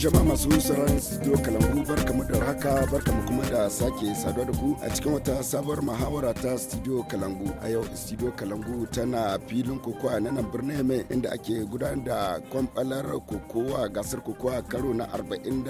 jama'a masu sauran studio kalangu bar mu da haka bar mu kuma da sake saduwa da ku a cikin wata sabuwar muhawara ta studio kalangu a yau studio kalangu tana filin kokowa na nan birnin yame inda ake gudanar da kwamfalar kokowa gasar kokowa karo na 42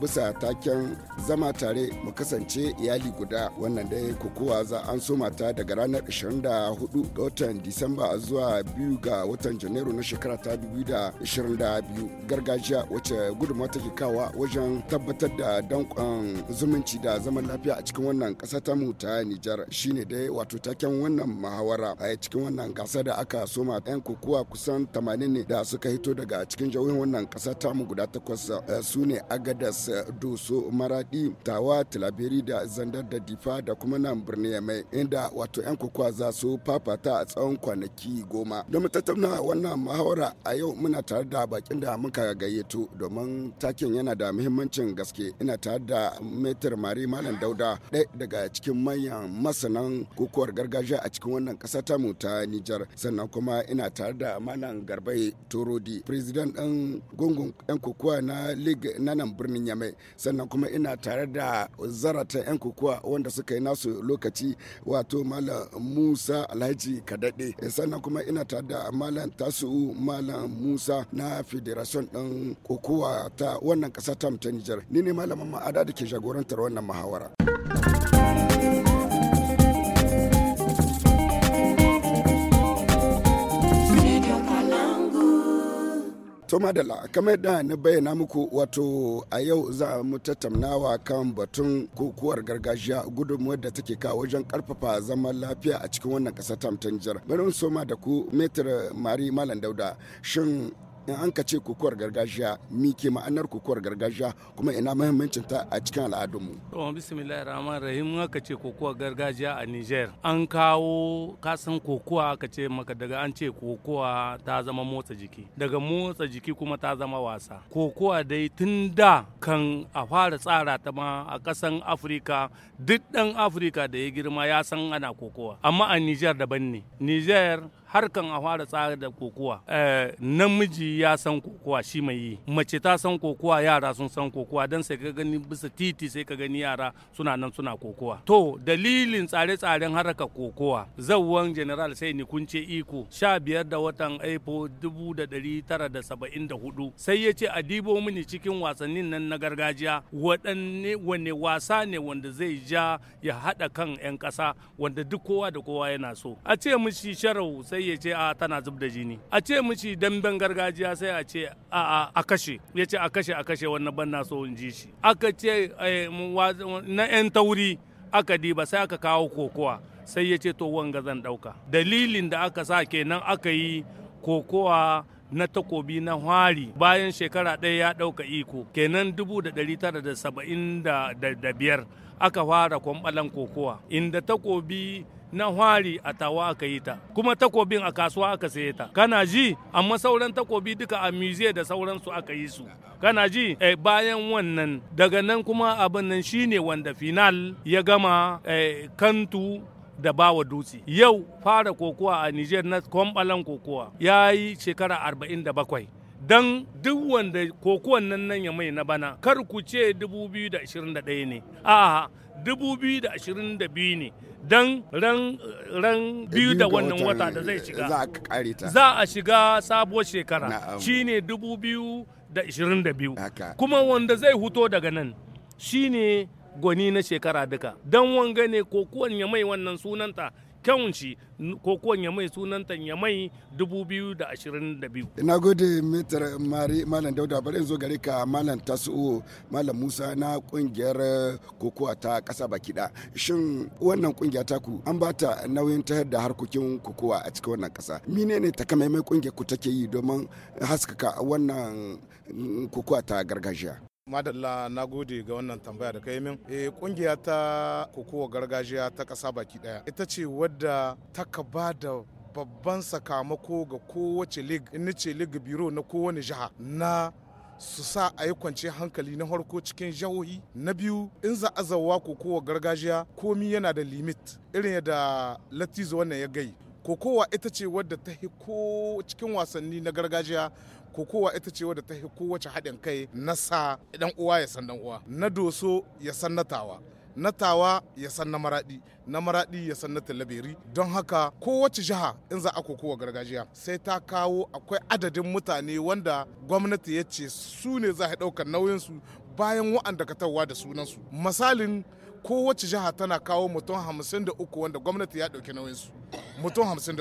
bisa taken zama tare mu kasance iyali guda wannan dai kokowa za an so mata daga ranar 24 ga watan disamba zuwa biyu ga watan janairu na shekara ta 2022 gargajiya wacce gudunmawa take kawa wajen tabbatar da dankon zumunci da zaman lafiya a cikin wannan ƙasa ta mu ta Nijar shine dai wato taken wannan muhawara a cikin wannan gasa da aka soma ɗan kokowa kusan 80 ne da suka hito daga cikin jawoyin wannan ƙasa ta mu guda takwas eh, su ne Agadas eh, Doso Maradi Tawa Tilaberi da Zandar da Difa da kuma nan birni mai inda wato yan kokowa za su fafata a tsawon kwanaki goma. Don mu tattauna wannan muhawara a yau muna tare da bakin da muka gayyato domin wannan takin yana da muhimmancin gaske ina tare da metar mari malam dauda ɗaya daga cikin manyan masanan kokowar gargajiya a cikin wannan ƙasa ta mu ta nijar sannan kuma ina tare da malam garbai turodi president ɗin gungun 'yan kokowa na league na nan birnin yame sannan kuma ina tare da zarata 'yan kokowa wanda suka yi nasu lokaci wato malam musa alhaji kadaɗe sannan kuma ina tare da malam tasu malam musa na federation ɗin kokowa ta wannan ƙasa ta ta Nijar. Ni ne malamin ma'ada da ke jagorantar wannan muhawara. To madala kamar da na bayyana muku wato a yau za mu tattaunawa kan batun kokuwar gargajiya gudunmuwar da take kawo wajen karfafa zaman lafiya a cikin wannan ƙasa ta Nijar. Bari soma da ku Metir Mari Malam Dauda shin in an ka ce kokowar gargajiya mi ke ma'anar kokowar gargajiya kuma ina mahimmancin ta a cikin al'adunmu. to bismillahir rahmanir rahim aka ce kokowar gargajiya a niger an kawo kasan kokowa aka ce maka daga an ce kokowa ta zama motsa jiki daga motsa jiki kuma ta zama wasa kokowa dai tun da kan a fara tsara ta ma a kasan afirka duk dan afirka da ya girma ya san ana kokowa amma a niger daban ne niger harkan a fara tsara da kokowa eh, namiji ya san kokowa shi mai yi mace ta san kokowa yara sun san kokowa don sai ka gani bisa titi sai ka gani yara suna nan suna kokowa to dalilin tsare-tsaren haraka kokowa zauwan general sai ni kunce iko sha biyar da watan aifo dubu da dari tara da saba'in da hudu sai ya ce a dibo mini cikin wasannin nan na gargajiya waɗanne wane wasa ne wanda zai ja ya haɗa kan 'yan ƙasa wanda duk kowa da kowa yana so a ce mishi sharau sai ya ce a tana zub da jini a ce mishi damben gargajiya sai a ce a a kashe ya ce a kashe a kashe wannan ban na so in ji shi aka ce eh, na yan tauri aka diba sai aka kawo kokowa sai ya ce to wanga zan dauka dalilin da aka sa kenan aka yi kokowa na takobi na hwari bayan shekara ɗaya ya ɗauka iko kenan dubu da da da tara saba'in biyar aka fara kwamɓalan kokowa inda takobi na hwari a tawa aka yi ta kuma takobin a kasuwa aka saye ta kana ji amma sauran takobi duka a muse da sauransu aka yi su kana ji eh, bayan wannan daga nan kuma abin nan shine wanda final ya gama eh, kantu da bawa dutse yau fara kokowa a niger na kwambalan kokowa ya yi shekara 47 don duk wanda kokowan nan nan ya mai na bana kar ku ce 2021 ne a'a 2022 ne don ran biyu da wannan wata da zai shiga za a shiga sabuwar shekara shine 2022 kuma wanda zai huto daga nan shine gwani na shekara duka don wanga ne ko ya mai wannan sunanta kyawun shi ko ko Nyamai sunanta Nyamai 2022. Ina gode Mitar Mari Malam Dauda bari in zo gare ka Malam tasu Malam Musa na kungiyar eh, kokowa ta kasa baki da. Shin wannan kungiya ta ku an ba ta nauyin ta da harkokin kokowa a cikin wannan ƙasa. Mine ne takamaimai kungiyar ku take yi domin haskaka wannan mm, kokowa ta gargajiya? madalla na gode ga wannan tambaya da kai min Eh kungiya ta kokowa gargajiya ta kasa baki daya ita ce wadda ta ba da babban sakamako ga kowace lig in ce lig biro na kowane jiha na su sa a yi kwanciyar hankali na harko cikin jihohi na biyu in za a zawa kokowa gargajiya komi yana da limit irin yadda latizo wannan ya gai kokowa ita ce wadda ta ko cikin wasanni na gargajiya kokowa ita ce wadda ta fi kowace haɗin kai na sa ɗan uwa ya san dan uwa na doso ya san na tawa na tawa ya san na maraɗi na maraɗi ya san na talaberi don haka kowace jiha in za a kokowa gargajiya sai ta kawo akwai adadin mutane wanda gwamnati ya ce su ne za a ɗaukar nauyinsu bayan wa'anda ka tawa da sunansu misalin kowace jiha tana kawo mutum hamsin wanda gwamnati ya ɗauki nauyinsu mutum hamsin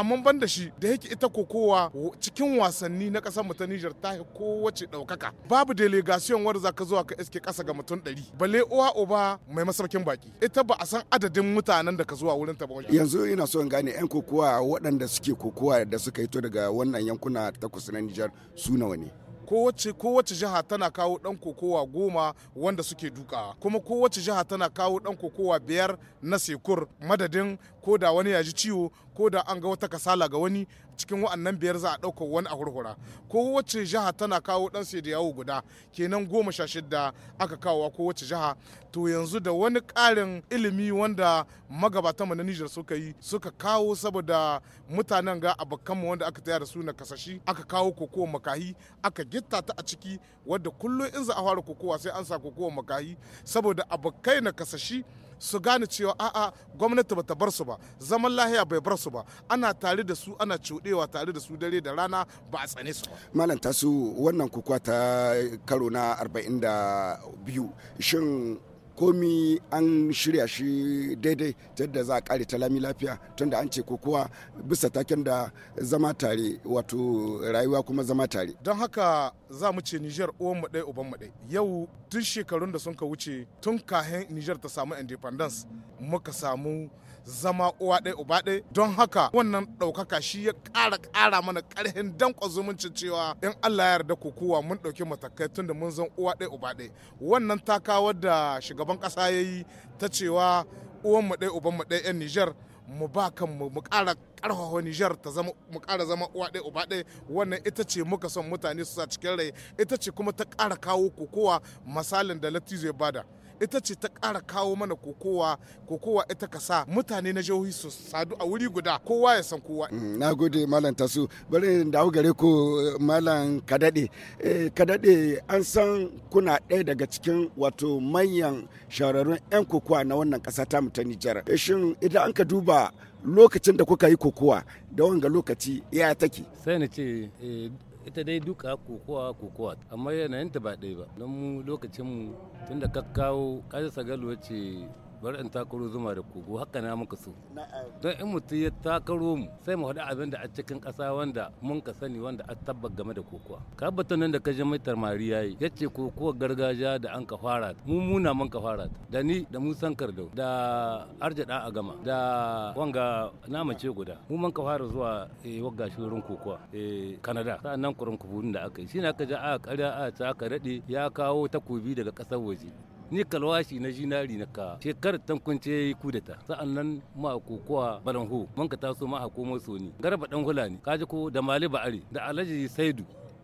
amma ban da shi da yake ita kokowa cikin wasanni na kasar mu ta Niger ta kowace daukaka babu delegation wanda zaka zuwa ka iske kasa ga mutum 100 bale uwa uba mai masarkin baki ita ba a san adadin mutanen da ka zuwa wurin ta ba yanzu ina so in gane yan kokowa waɗanda suke kokowa da suka hito daga wannan yankuna takwas na Niger su nawa ne kowace kowace jiha tana kawo ɗan kokowa goma wanda suke duka kuma kowace jiha tana kawo ɗan kokowa biyar na sekur madadin ko da wani ya ji ciwo ko da an ga wata kasala ga wani cikin wa'annan biyar za a ɗauka wani a hurhura ko wacce jiha tana kawo ɗan sai da yawo guda kenan goma sha shidda aka kawowa ko wacce jiha to yanzu da wani ƙarin ilimi wanda magabatan mu na Nijar suka yi suka kawo saboda mutanen ga abokan mu wanda aka taya da su na kasashi aka kawo kokowa makahi aka gitta ta a ciki wadda kullum in za a fara kokowa sai an sa kokowa makahi saboda abokai na kasashi su gane cewa a'a gwamnati bata bar su ba zaman lahiya bai bar su ba ana tare da su ana cuɗewa tare da su dare da rana ba a tsane su ba malam tasu wannan kukuwa ta karo na 42 shin komi an shirya shi daidai yadda za a kare ta lami lafiya tunda an ce kokowa bisa taken da zama tare wato rayuwa kuma zama tare don haka za mu ce Niger uwan mu ɗaya uban mu ɗaya yau tun shekarun da sun ka wuce tun kahin Nijar ta samu independence muka samu zama uwa ɗaya uba ɗaya don haka wannan ɗaukaka shi ya ƙara ƙara mana ƙarfin danƙon zumuncin cewa in Allah ya yarda kukuwa mun ɗauki matakai tun da mun zan uwa ɗaya uba ɗaya wannan takawar da shugaban ƙasa ya yi ta cewa uwan mu ɗaya uban mu ɗaya 'yan Niger mu ba kan mu ƙara ƙarfafa Nijar ta zama mu ƙara zama uwa ɗaya uba ɗaya wannan ita ce muka son mutane su sa cikin rai ita ce kuma ta ƙara kawo kokowa misalin da Latizo ya bada. ita ce ta ƙara kawo mana kokowa kokowa ita ka sa mutane na jihohi su sadu a wuri guda kowa ya san kowa mm, na gode malam tasu bari da gare ku malam kadade eh, kadade an san kuna ɗaya daga cikin wato manyan shahararrun 'yan kokowa na wannan kasa ta ta nijar eh, shin idan an ka duba lokacin da kuka yi kokowa da wanga lokaci ya take sai na ce eh, ita dai duka kokowa kokowa amma yanayinta ba ɗaya ba don mu lokacin mu tunda kakkawo kasa sagalo ce bari in takaro zuma da kogo haka na muka so don in mutum ya takaro mu sai mu haɗu abin da a cikin ƙasa wanda mun ka sani wanda a tabbat game da kokowa ka bata nan da ka je mai tarmari yayi yace kokowa gargajiya da an ka fara mu muna mun ka fara da ni da musan kardau da arjada a gama da wanga nama ce guda mu mun ka fara zuwa eh, wagga shirin kokowa kanada eh, sa'annan kurin kubun da aka yi shine aka ja a karya a ta ka daɗe ya kawo takobi daga ƙasar waje ni kalwashi na jinari na ka shekarar tankunce yayi kudeta nan ma kokowa balanho man ka taso ma so soni garba dan hulani kaji ko da mali ba'ari da alhaji saidu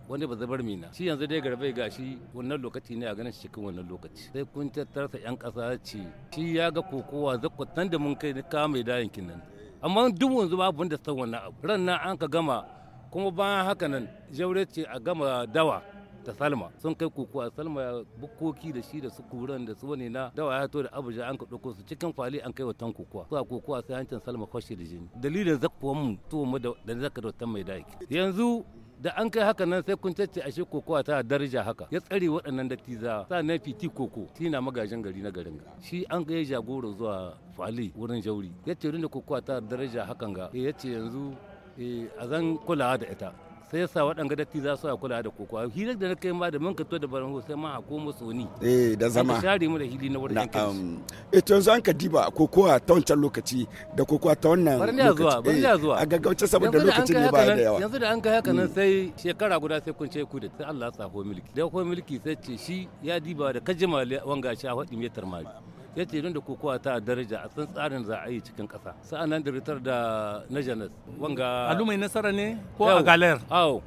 wanda ba zabar mina shi yanzu dai garbai gashi wannan lokaci ne a ganin shi cikin wannan lokaci sai kun tattarsa yan kasa ce shi ya ga kokowa zakwatan da mun kai ka mai dayin kinan amma duk wanzu babu wanda san wannan abu ran na an ka gama kuma bayan haka nan jaure ce a gama dawa da salma sun kai koko a salma ya bukkoki da shi da su kuran da su wani na dawa ya to da abuja an ka dauko su cikin kwali an kai watan kokowa su a kokowa sai hancin salma kwashe da jini dalilin zakkuwan mu to mu da zaka da watan mai daki yanzu da an kai haka nan sai kun a ashe kokowa ta daraja haka ya tsare waɗannan dattiza sa na fiti koko shi na magajin gari na garin shi an ga ya jagoro zuwa fali wurin jauri ya ce rinda kokowa ta daraja hakan ga eh, ya ce yanzu eh, a zan kulawa da ita sai yasa waɗanga datti za su kula da kokowa hirar da na kai ma da mun kato da baran sai ma a komo soni eh da zama ka share mu da hili na wurin kanki eh to yanzu an ka diba kokowa ta wancan lokaci da kokowa ta wannan bari ya zuwa bari ya zuwa eh, a gaggauce saboda lokaci ne ba da yawa yanzu da an kai haka nan mm. sai shekara guda sai kun ce ku da sai Allah ya sa ho mulki da ho miliki sai ce shi ya diba da kajima wanga sha a hadin metar mali ya ce da kokowa ta daraja a san tsarin za a yi cikin ƙasa sa'an nan da da na janet wanga alu mai nasara ne ko a galer awo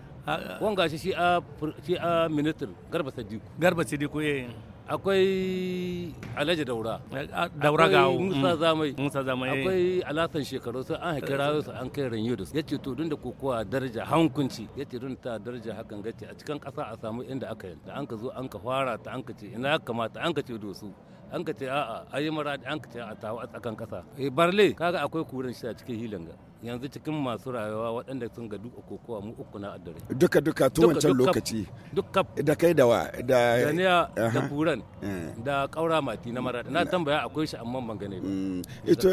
wanga shi shi a shi a minister garba sadiku garba sadiku eh akwai alhaji daura daura ga musa mm. zamai musa zamai eh. akwai alasan shekaru sai an hakira su an kai ranyo da su yace to dun da kokowa daraja hankunci yace dun ta daraja hakan gace a cikin kasa a samu inda aka yi da an ka zo an ka fara ta an ka ce ina kamata an ka ce dosu an ka ce a'a a yi mara an ka ce a tawa a tsakan kasa eh, barle kaga akwai kuren shi a cikin hilan ga yanzu cikin masu rayuwa waɗanda sun ga duk kokowa mu uku na addare duka duka tun wancan lokaci duka da kai da wa da da eh. da kuran da kaura mati na mara na tambaya akwai shi amma ban gane ba mm. ito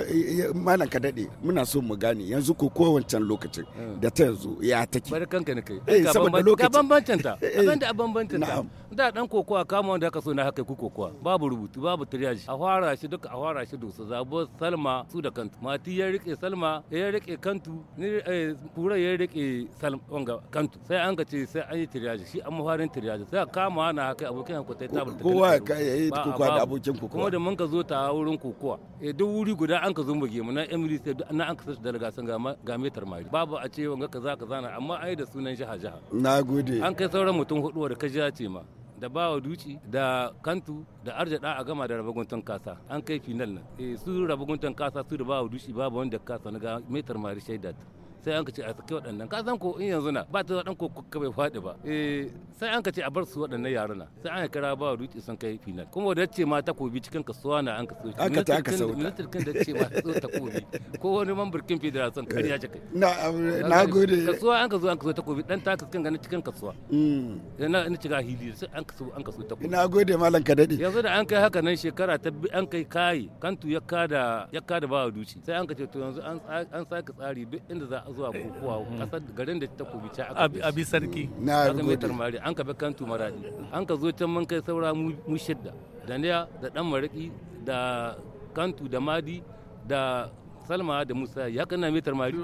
malam ka dade muna so mu gane yanzu kokowa wancan lokacin eh. da ta yanzu ya take barkanka ne kai ga bambancin ta abanda a ta da dan kokowa kama wanda aka so na haka ku kokowa babu rubutu babu triage a fara shi duka a fara shi dosa zabo salma su da kantu mati ya rike salma ya rike kantu ni eh, kura ya rike salma wanga kantu sai an ka ce sai an yi triage shi an mafarin triage sai kama na haka abokin ku tai tabar kowa ka kai yayi kokowa da abokin kokowa kuma da mun ka zo ta wurin kokowa eh duk wuri guda an ka zo mu na emirates sai na an ka sashi san ga metar mari babu a ce wanga kaza kaza na amma ai da sunan jaha jaha nagode an kai sauran mutum hudu da kaji ce ma da bawa duci da kantu da arjada a gama da rabaguntan kasa an kai final nan eh, su rabaguntan kasa su da bawa duci babu wanda kasa na ga metar mari shaidat sai an ka ce a saki waɗannan ka san ko in yanzu na ba ta zaɗan ko kuka bai faɗi ba eh. sai an ka ce a bar su waɗannan yaran na sai an kira ba ruci sun kai final kuma da ce ma takobi cikin kasuwa na an ka so an ka ta ka sauta ministan kan da ce ma so takobi ko wani mambar kin federation kariya ce eh. kai na eh, na gode kasuwa an ka zo an ka so takobi dan ta kan ganin cikin kasuwa mm na ni ciga hili sai an ka so an ka so takobi na gode malam ka dade yanzu da an kai haka nan shekara ta an kai kai kantu ya kada ya kada ba ruci sai an ka ce to yanzu an an saka tsari duk inda za a zuwa kokowa kasar garin da ta kubice aka abi sarki mm. na rubuta mari an ka bi kantu maradi an ka zo can man kai saura mu shidda da da dan mariki da kantu da madi da salma da musa ya kana mai tarmari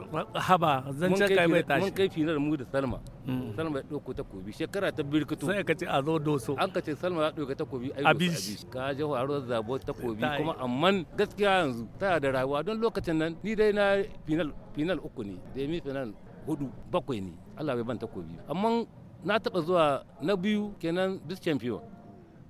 haba zancen kai mai tashi mun kai finar mu da salma hmm. salma ya ɗauko takobi shekara ta birkito sai ka ce a zo doso an ka ce salma ya ɗauka takobi ai abish ka je haro zabo takobi kuma amman gaskiya yanzu ta da rayuwa don lokacin nan ni dai na final final uku ne mi final hudu bakwai ne Allah bai ban takobi amma na taba zuwa na biyu kenan bis champion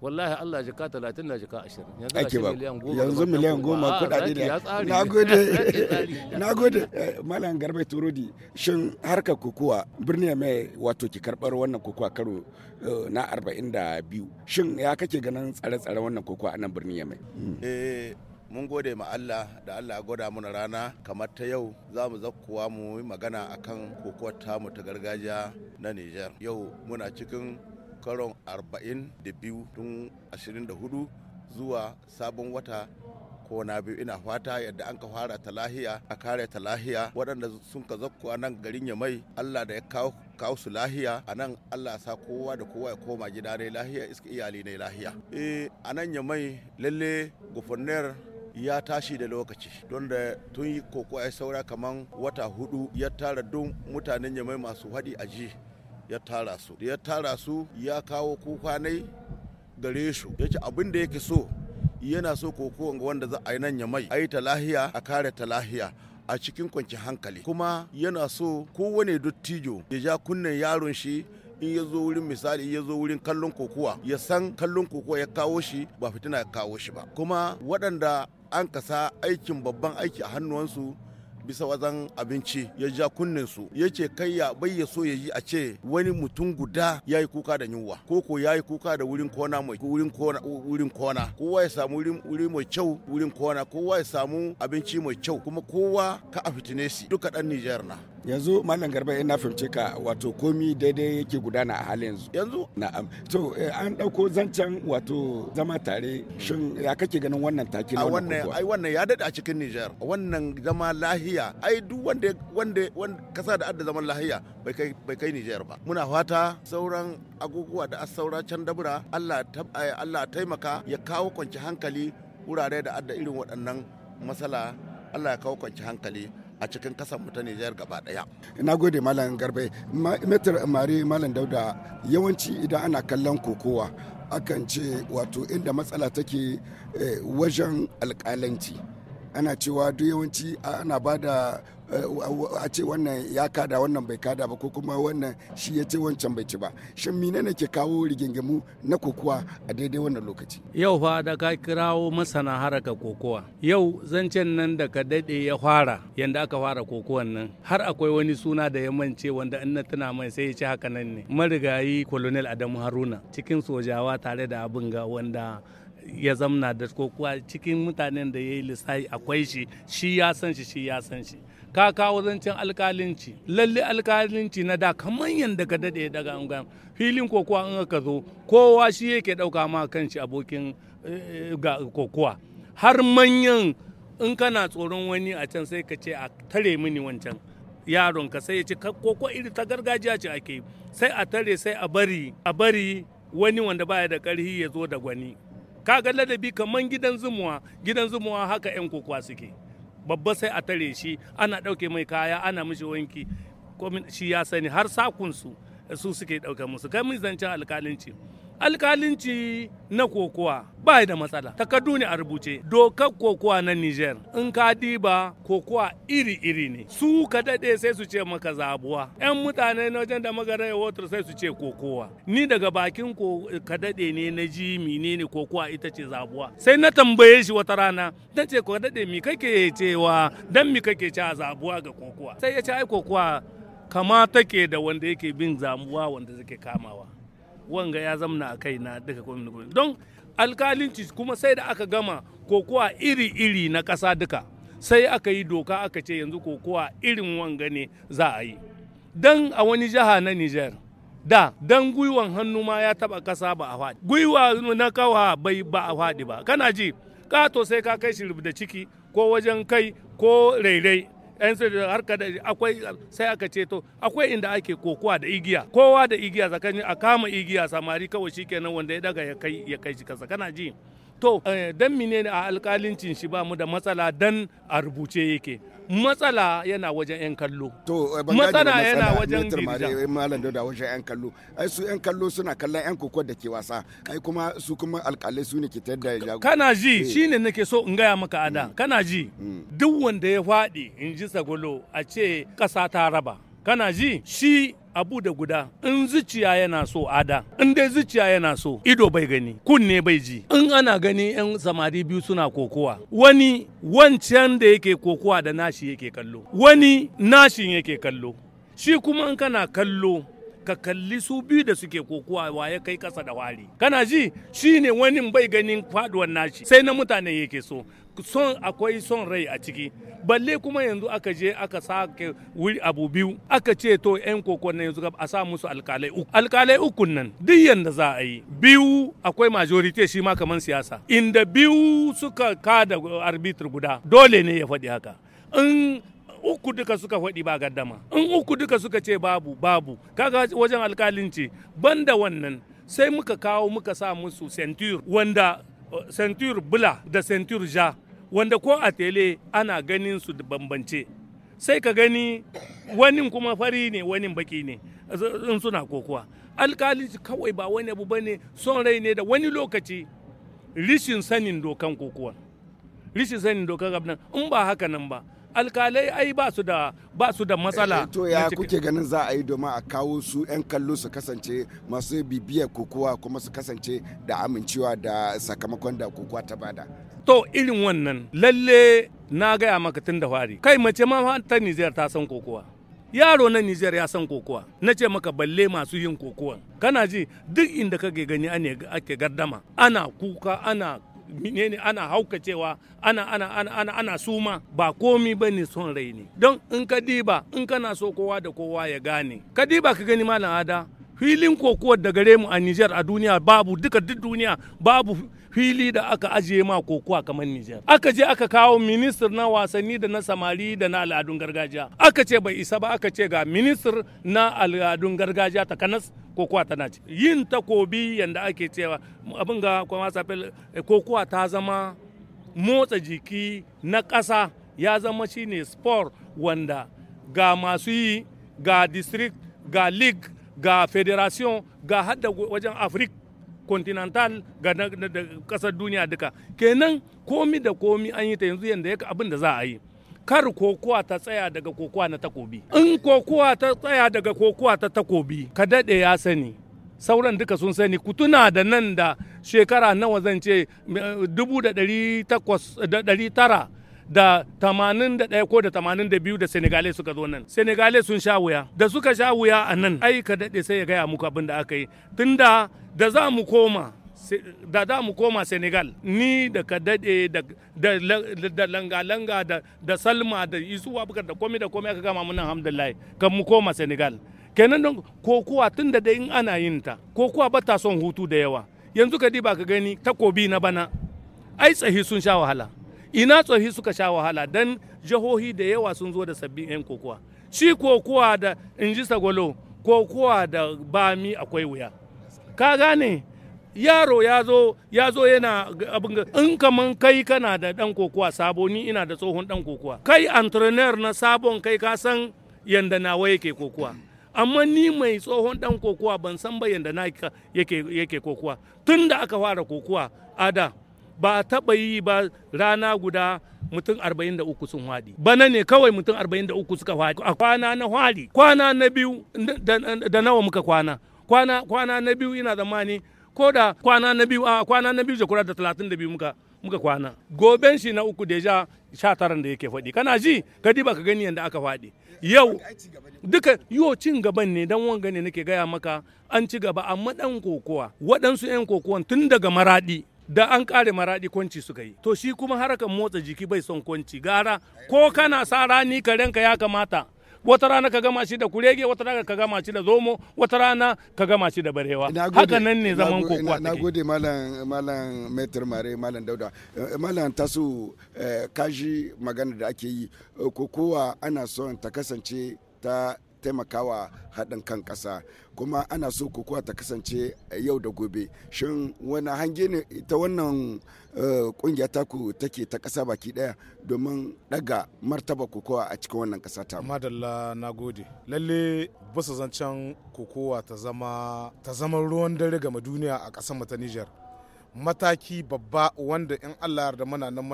wallahi Allah jika talatin na jika ashirin yanzu ba yanzu miliyan goma kudade da na gode na gode malam garba turudi shin harkar kokowa birni mai wato ki karɓar wannan kokowa karo eh, na arba'in da biyu shin ya kake ganin tsare-tsare wannan kokowa a nan birni mai hmm. eh, mun gode ma Allah da Allah ya goda mana rana kamar ta yau za mu zakkuwa mu yi magana akan kokowar tamu ta gargajiya na Nijar. Yau muna cikin shekarun 42 tun 24 zuwa sabon wata ko na biyu ina fata yadda an ka fara ta a kare talahiya waɗanda sun ka zakko a nan garin ya mai Allah da ya kawo su lahiya a nan Allah sa kowa da kowa ya koma gida ne lahiya iska iyali ne lahiya eh a nan ya mai lalle gufannar ya tashi da lokaci don da tun yi kokowa ya saura kamar wata hudu ya tara dun mutanen ya mai masu haɗi a ji ya tara su da ya tara su ya kawo kukanai gare su ya ce abin da yake so yana so koko wanda za a yi nan ya mai a yi ta lahiya a kare ta lahiya a cikin kwanci hankali kuma yana so kowane dottijo ya ja kunnen yaron shi in ya zo wurin misali ya zo wurin kallon kokowa ya san kallon kokowa ya kawo shi ba fitina ya kawo shi ba kuma waɗanda an kasa aikin babban aiki a hannuwansu bisa wajen abinci ya ja kunnen su yace kai ya bai ya so ya yi a ce wani mutum guda ya yi kuka da yunwa ko ko ya yi kuka da wurin kona mai wurin kona wurin kona kowa ya samu wuri mai kyau wurin kona kowa ya samu abinci mai kyau kuma kowa ka a fitine shi duka dan Nijar na yanzu malam garba ina eh, fahimce ka wato komi daidai yake gudana a halin yanzu yanzu na'am to eh, an dauko zancen wato zama tare shin ya kake ganin wannan take na wannan ai wannan ya dade a cikin Niger wannan zama lahiya ai duk wanda wanda kasa da adda zaman lahiya bai kai bai kai Niger ba muna fata sauran agogowa da asaura can dabura Allah eh, Allah taimaka ya kawo kwanci hankali wurare da adda irin waɗannan matsala Allah ya kawo kwanci hankali a cikin kasar mu ta Nijar gaba daya. Ina gode Malam Garbe, Metar Mari Malam Dauda yawanci idan ana kallon kokowa akan ce wato inda matsala take eh, wajen alkalanci. Ana cewa duk yawanci ana ba da a ce wannan ya kada wannan bai kada ba ko kuma wannan shi ya ce wancan bai ci ba shin mine ne ke kawo rigingimu na kokowa a daidai wannan lokaci yau fa da ka kirawo masana haraka kokowa yau zancen nan da ka dade ya fara yanda aka fara kokowan nan har akwai wani suna da ya mance wanda in na tuna mai sai ya ci haka nan ne marigayi colonel adamu haruna cikin sojawa tare da abin ga wanda ya zamna da kokowa cikin mutanen da ya yi lissafi akwai shi shi ya san shi shi ya san shi ka kawo zancen alkalinci lalle alkalinci na da kamar yadda ka dade daga an filin kokowa in ka zo kowa shi yake ɗauka ma kanshi abokin eh, kokowa har manyan in kana tsoron wani a can sai ka ce a tare mini wancan yaron ka sai ya ce koko iri ta gargajiya ce ake sai a tare sai a bari a bari wani wanda baya da karhi ya zo da gwani kaga ladabi kamar gidan zumuwa gidan zumuwa haka yan kokowa suke babba sai a tare shi ana ɗauke mai kaya ana mishi wanki shi ya sani har sakunsu su suke ɗauka musu kai mun zancen alkalinci alkalinci na kokowa ba da matsala takardu ne a rubuce dokar kokowa na niger in ka diba kokowa iri-iri ne su ka daɗe sai su ce maka zabuwa 'yan mutane na wajen da magana ya sai su ce kokowa ni daga bakin ko ka daɗe ne na ji mine ne kokowa ita ce zabuwa sai na tambaye shi wata rana dan ce ka daɗe mi kake cewa dan mi kake ce zabuwa ga kokowa sai ya ce ai kokowa kama take da wanda yake bin zamuwa wanda yake kamawa wanga ya zamna a kai na duka kwamna don alkalinci kuma sai da aka gama kokowa iri-iri na ƙasa duka sai aka yi doka aka ce yanzu kokowa irin wanga ne za a yi don a wani jiha na niger da don gwiwan hannu ma ya taba ƙasa ba a faɗi gwiwa na kawa bai ba a faɗi ba kana ji ƙato sai ka kai shi da ciki ko wajen kai ko rairai yan sai harka da akwai sai aka ce to akwai inda ake kokowa da igiya kowa da igiya tsakanin a kama igiya samari kawai shikenan wanda ya daga ya kai ya kai shi kasa kana ji to eh, dan mine a alkalincin shi ba mu da matsala dan a rubuce yake matsala yana wajen 'yan kallo to eh, matsala yana wajen girja malam da wajen 'yan kallo ai su 'yan kallo suna kallon 'yan kokon da ke wasa ai kuma su kuma alkalai su ne ke tada da kana ji eh. shine nake so in gaya maka ada mm. kana ji mm. duk wanda ya fadi in ji sagolo a ce ƙasa ta raba kana ji shi abu da guda in zuciya yana so ada in dai zuciya yana so ido bai gani kunne bai ji in ana gani yan samari biyu suna kokowa wani wancan da yake kokowa da nashi yake kallo wani nashin yake kallo shi kuma in kana kallo ka kalli su biyu da suke kokuwa waye kai kasa da wari kana ji shi ne wani bai ganin faduwar nashi sai na mutane yake so son akwai son rai a ciki balle kuma yanzu aka je aka sake wuri abu biyu aka ce to yan koko yanzu a sa musu alkalai uku alkalai uku nan duk yanda za a yi biyu akwai majority shi ma kamar siyasa inda biyu suka kada arbitr guda dole ne ya faɗi haka in uku duka suka faɗi ba gaddama in uku duka suka ce babu babu kaga wajen alkalinci banda wannan sai muka kawo muka sa musu centur wanda sentur eh, bula da sentur ja wanda ko a tele ana ganin su da bambance sai ka gani wani kuma fari ne wani baki ne in suna kokowa alkalici kawai ba wani abu bane son rai ne da wani lokaci rishin sanin dokan kokowa rishin sanin dokan gabnan in ba haka nan ba alkalai ai ba su da ba su da matsala eh, to ya kuke ganin za a yi domin a kawo su yan kallo su kasance masu bibiyar kokowa kuma su kasance da amincewa da sakamakon da kokowa ta bada to irin wannan lalle na gaya maka tun da fari kai mace ma ta Nijar ta san kokowa yaro na Nijar ya san kokowa na ce maka balle masu yin kokowa kana ji duk inda kake gani ake gardama ana kuka ana menene ana haukacewa ana ana ana ana ana suma ba komi ba ne son rai ne don in ka diba in kana so kowa da kowa ya gane ka diba ka gani malam ada filin kokowar da gare mu a Nijar a duniya babu duka duk duniya babu fili da aka ajiye ma kokowa kamar Nijar. Aka je aka kawo minister na wasanni da na samari da na al'adun gargajiya. Aka ce bai isa ba aka ce ga minister na al'adun gargajiya ta kanas kokowa tana ce Yin takobi yanda ake cewa abin ga kuma kokowa ta zama motsa jiki na ƙasa ya zama shine sport wanda ga masu yi ga district ga league ga federation ga hada wajen afirik. continental ga kasar duniya duka kenan komi da komi an yi ta yanzu yadda ya abin da za a yi kar kokowa ta tsaya daga kokowa na takobi in kokowa ta tsaya daga kokowa ta takobi ka daɗe ya sani sauran duka sun sani ku tuna da nan da shekara nawa zan ce eh, dubu da ɗari tara da 81 ko da 82 da Senegale suka zo nan. Senegale sun sha wuya. Da suka sha wuya a nan, ai ka daɗe sai ya gaya muku abin da aka yi. Tunda da za mu koma da za mu koma senegal ni da ka dade da langa-langa da salma da isuwa bukar da komai da komai aka gama nan hamdullahi kan mu koma senegal kenan don kokuwa tun da dai in ana yin ta kokuwa ba ta son hutu da yawa yanzu ka diba ka gani takobi na bana ai tsahi sun sha wahala ina tsohi suka sha wahala dan jihohi da yawa sun zo da sabbin 'yan kokowa shi kokowa da inji sagwalo kokowa da bami akwai wuya ka gane yaro ya zo ya zo yana abin in kaman kai kana da dan kokowa sabo ni ina da tsohon dan kokowa kai entrepreneur na sabon kai ka san yanda nawa yake kokowa amma ni mai tsohon dan kokowa ban san ba yanda na yake yake kokowa tun da aka fara kokowa ada ba taɓa yi ba rana guda mutum 43 sun hwadi bana ne kawai mutum 43 suka hwadi a kwana na hwadi kwana na biyu da nawa muka kwana kwana kwana na biyu ina zamani ko da kwana na biyu a kwana na biyu jakura da 32 muka muka kwana goben shi na uku deja sha da yake faɗi kana ji ka diba ka gani yadda aka faɗi yau duka yo cin gaban ne dan wanga ne nake gaya maka an ci gaba amma dan kokowa waɗansu 'yan kokowan tun daga maradi da an kare maraɗi kwanci suka yi to shi kuma harakan motsa jiki bai son kwanci gara ko kana sa rani karenka ya kamata wata rana ka gama shi da kurege wata rana ka gama shi da zomo wata rana ka gama shi da barewa haka nan ne zaman kokowa take gode malam malam metr mare malam dauda eh, malam tasu eh, kaji magana da ake yi eh, kokowa ana son ta kasance ta taimakawa haɗin kan ƙasa kuma ana so kokowa ta kasance yau da gobe shin wani hange ne ta wannan eh, ƙungiya taku take ta ƙasa baki ɗaya domin ɗaga martaba kokowa a cikin wannan ƙasa ta madalla na gode lalle basu zancen kokowa ta zama ruwan dare game duniya a ƙasar mu ta Niger mataki babba wanda in Allah yarda muna nan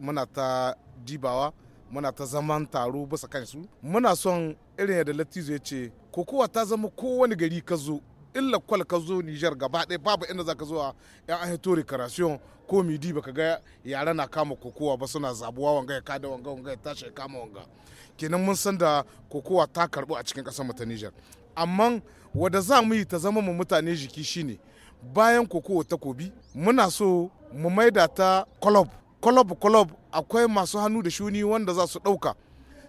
muna ta dibawa muna ta zaman taro bisa kansu muna son irin yadda latizo ya ce kokowa ta zama kowane gari ka zo illa kwal ka zo Nijar gaba ɗaya babu inda ka zo a yan ahito recreation ko midi baka ga yara na kama kokowa ba suna zabuwa wanga ya kada wanga wanga ya tashi ya kama wanga kenan mun san da kokowa ta karbu a cikin ƙasar ta Nijar amma wadda za mu yi ta zama mu mutane jiki shine bayan kokowa ta kobi muna so mu maida ta kolob kolob-kolob akwai masu hannu da shuni wanda za su ɗauka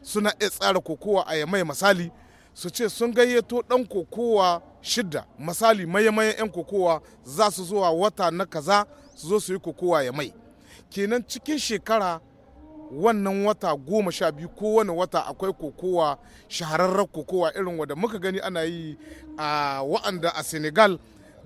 suna iya tsara kokowa a yamai misali su ce sun gayyato ɗan kokowa shidda misali mayamayan 'yan kokowa za su zuwa wata na kaza su zo su yi kokowa ya mai kenan cikin shekara wannan wata goma sha biyu ko wani wata akwai kokowa shahararren kokowa irin wadda muka gani ana yi a wa'anda a senegal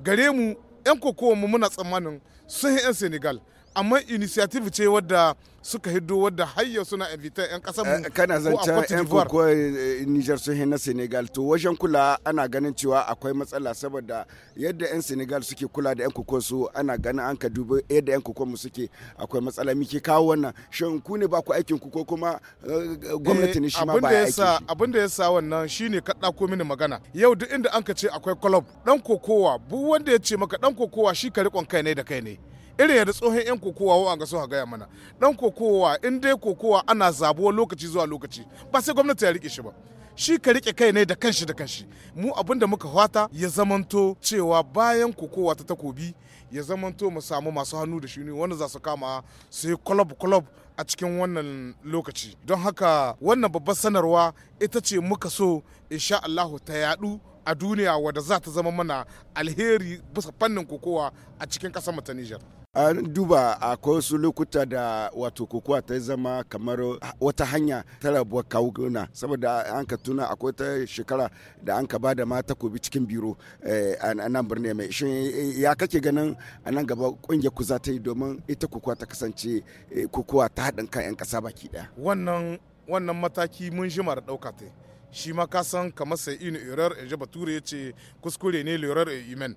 gare mu 'yan kokowa mu muna tsammanin sun yi 'yan senegal amma initiative ce wadda suka hiddo wadda hayya suna invita 'yan kasar mu eh, kana zancen 'yan koko eh, Niger sun na Senegal to wajen kula ana ganin cewa akwai matsala saboda yadda 'yan Senegal suke kula da 'yan koko su ana ganin an ka dubi yadda 'yan koko mu suke akwai matsala miki kawo wannan shin ku ne ba ku aikin ku ko kuma eh, gwamnati ne shi ma ba aiki abin da ya wannan shine ka dako mini magana yau duk inda an ka ce akwai club dan kokowa bu wanda ya ce maka dan kokowa shi ka rikon kai ne da kai ne irin yadda tsohon yan kokowa wa ga a gaya mana dan kokowa in dai kokowa ana zabuwa lokaci zuwa lokaci ba sai gwamnati ya rike shi ba shi ka rike kai ne da kanshi da kanshi mu abin da muka fata ya zamanto cewa bayan kokowa ta takobi ya zamanto mu samu masu hannu da shi ne wanda za su kama su yi kulob kulob a cikin wannan lokaci don haka wannan babbar sanarwa ita ce muka so insha Allahu ta yadu a duniya wadda za ta zama mana alheri bisa fannin kokowa a cikin ƙasar mu ta Nijar. an duba akwai wasu lokuta da wato kokowa ta zama kamar wata hanya ta rabuwar kawuna saboda an ka tuna akwai ta shekara da an ka ba da mata kobi cikin biro eh, a nan birni mai shi eh, ya kake ganin a nan gaba kungiyar ku za ta yi domin ita kokowa ta kasance eh, kokowa ta haɗin kan 'yan ƙasa baki ɗaya wannan wannan mataki mun jima da ɗauka ta shi ma ka san kamar sai inu irar ya bature ya ce kuskure ne lirar imen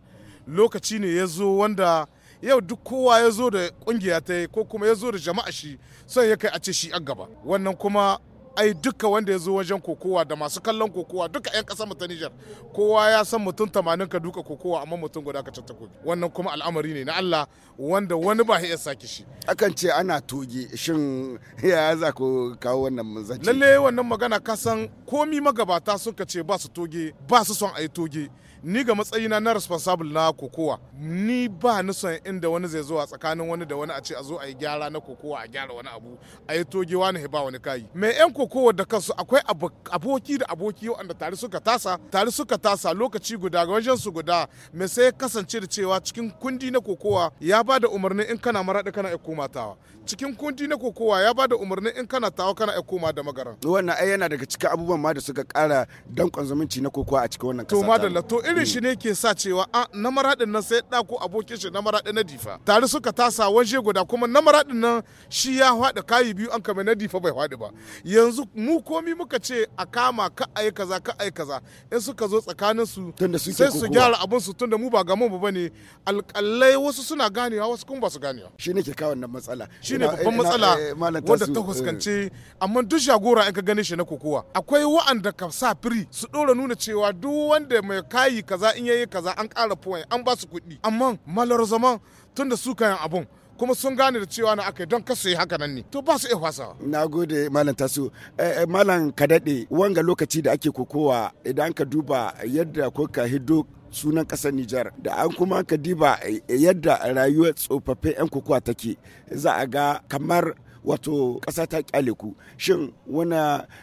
lokaci ne ya zo wanda yau duk kowa ya zo da kungiya ta yi, ko kuma ya zo da jama'a shi son ya kai a ce shi a gaba wannan kuma ai duka wanda ya zo wajen kokowa da masu kallon kokowa duka 'yan ƙasar mu ta Nijar kowa ya san mutum tamanin ka duka kokowa amma mutum guda ka canta kogi wannan kuma al'amari ne na Allah wanda wani ba ya saki shi akan ce ana toge shin ya za ku kawo wannan manzanci lalle wannan magana ka san komi magabata suka ce ba su toge ba su son a yi toge ni ga matsayina na responsible na kokowa ni ba ni son inda wani zai zo a tsakanin wani da wani a ce a zo a yi gyara na kokowa a gyara wani abu a yi toge wani ba wani kayi mai yan kokowa da kansu akwai aboki da aboki wanda tare suka tasa tare suka tasa lokaci guda ga wajen su guda mai sai kasance da cewa cikin kundi na kokowa ya ba da umarni in kana maraɗi kana iya komatawa cikin kundi na kokowa ya ba da umarni in kana tawa kana iya koma da magaran wannan ai yana daga cikin abubuwan ma da suka kara dankon zumunci na kokowa a cikin wannan kasa to madalla to irin shi ne ke sa cewa a ah, na maraɗin nan sai ɗako abokin shi na na difa tare suka tasa waje guda kuma na maraɗin nan shi ya haɗa kayi biyu an kame na difa bai haɗu ba yanzu mu komi muka ce a kama ka ayi kaza ka ayi kaza in suka zo tsakanin su sai su gyara abin su tunda mu ba ga mu ba ne alƙalai wasu suna ganewa wasu kuma ba su ganewa shi ne ke kawo matsala shi ne babban eh, matsala eh, wanda ta fuskanci eh. amma duk shagora in ka gane shi na kokowa akwai wa'anda ka sa firi su ɗora nuna cewa duk wanda mai kayi kaza in yayi kaza an ƙara point an ba su kuɗi amma malar zaman tun da su kayan abun kuma sun gane da cewa na aka don kasu yi haka nan ne to ba su iya fasa na gode malam tasu eh, eh, malam kadade wanga lokaci da ake kokowa idan ka duba yadda ko ka hiddo sunan kasar Nijar da an kuma ka diba eh, yadda rayuwar tsofaffin 'yan kokowa take za a ga kamar wato ƙasa ta kyale ku shin wani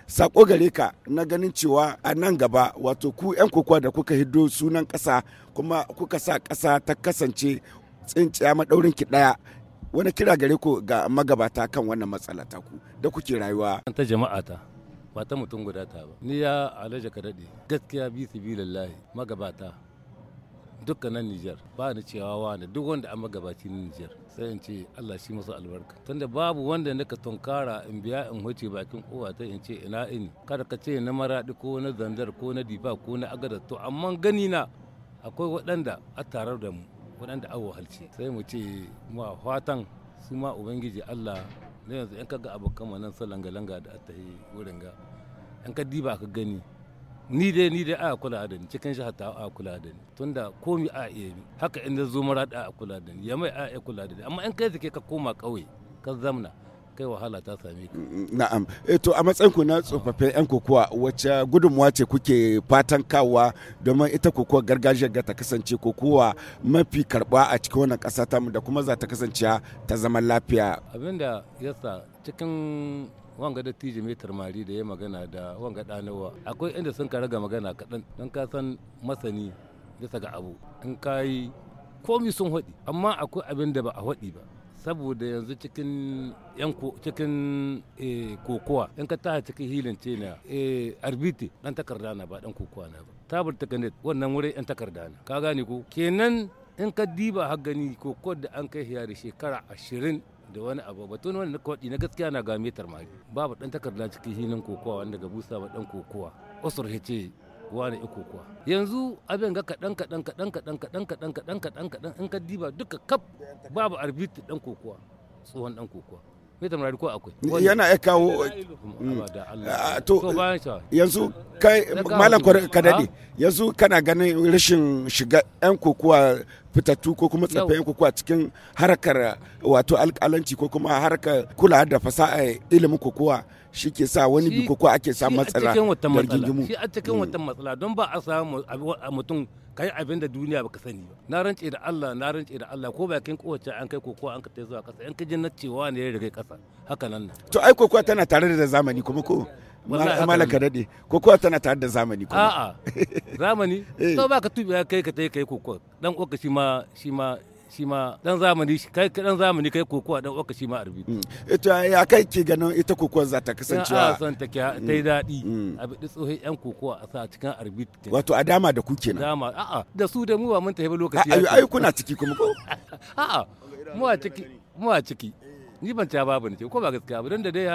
sako gare ka na ganin cewa a nan gaba wato ku 'yan kokowa da kuka hiddo sunan ƙasa kuma kuka sa ƙasa ta kasance tsinciya maɗaurin ki ɗaya wani kira gare ku ga magabata kan wannan matsala ta ku da kuke rayuwa ta jama'a ta ba ta mutum guda ta ba ni ya alaja ka daɗe gaskiya bi su bi lallahi magabata dukkanin Nijar ba ni cewa wani duk wanda an magabaci Nijar sai in ce Allah shi masa albarka tunda babu wanda naka tunkara in biya in huce bakin kowa in ce ina ini kada ka ce na maradi ko na zandar ko na difa ko na agada to amma gani na akwai waɗanda a tarar da mu waɗanda a wahalci sai mu ce mu fatan su ma ubangiji Allah na yanzu in kaga abokan nan sa langa-langa da ta yi wurin ga in ka diba ka gani ni dai ni dai a kula da ni cikin shi hatta a kula da ni tunda komi a iya mi haka inda zo mara da a kula da ni ya mai a iya kula da ni amma in kai zake ka koma kauye ka zamna kai wahala ta same ka na'am eh, to a matsayin ku na tsofaffin yan kokowa wacce gudunmuwa ce kuke fatan kawa domin ita kokowa gargajiya ga ta kasance kokowa mafi karba a cikin wannan kasa mu da kuma za ta kasance ta zaman lafiya abinda yasa cikin wanga da tije mai tarmari da ya magana da wanga nawa akwai inda sun karaga magana kaɗan don ka san masani bisa ga abu in ka yi komi sun haɗi amma akwai abin da ba a haɗi ba saboda yanzu cikin yan cikin eh, kokowa in ka taha cikin hilin ce na eh, arbiti dan takarda na ba dan kokowa na ba tabar takanet wannan wurin yan takarda na ka gane ko kenan in ka diba har gani kokowar da an kai shekara ashirin da wani abu tun wani kwaɗi na gaskiya na ga metar ma babu ɗan takarda cikin hinin kokowa wanda ga busa ba dan kokowa osur hece wani i kokowa yanzu abin ga kaɗan kaɗan kaɗan kaɗan kaɗan kaɗan kaɗan kaɗan kaɗan in ka diba duka kaɗan babu arbiti dan kokowa tsohon dan kokowa vitamin ko akwai yana mm. ah, ya kawo to yanzu kai malam kadade yanzu kana ganin rashin shiga yan kokowa fitattu ko kuma tsafe yan kokowa cikin harkar wato alƙalanci ko kuma harkar kula da fasaha ilimin kokowa shi ke sa wani bi ko ake sa matsala da gingimu shi a cikin mm. wata matsala don ba a samu mutum kai abin da duniya baka sani ba na rance da Allah na rance da Allah ko bakin kowace an kai kokowa an ka tai zuwa kasa an ka jin cewa ne ya rage kasa haka nan to ai kokowa tana tare da zamani kuma ko malaka dade kokowa tana tare da zamani kuma a'a zamani eh. to baka ka tubi kai ka tai kai kokowa dan kokashi ma shi ma shi ma dan zamani kai dan zamani kai kokowa dan uwarka shi ma arbi mm. ita ya kai ke ganin ita kokowa za ta kasancewa a san ta ke ta yi mm. daɗi mm. a bi tsohi yan kokowa a sa cikin arbi wato a dama da ku kenan dama a'a da su da mu ba mun tafi lokaci ai kuna ciki kuma ko a'a mu a ciki mu a ciki ni ban ta babu nake ko ba gaskiya ba don da dai eh,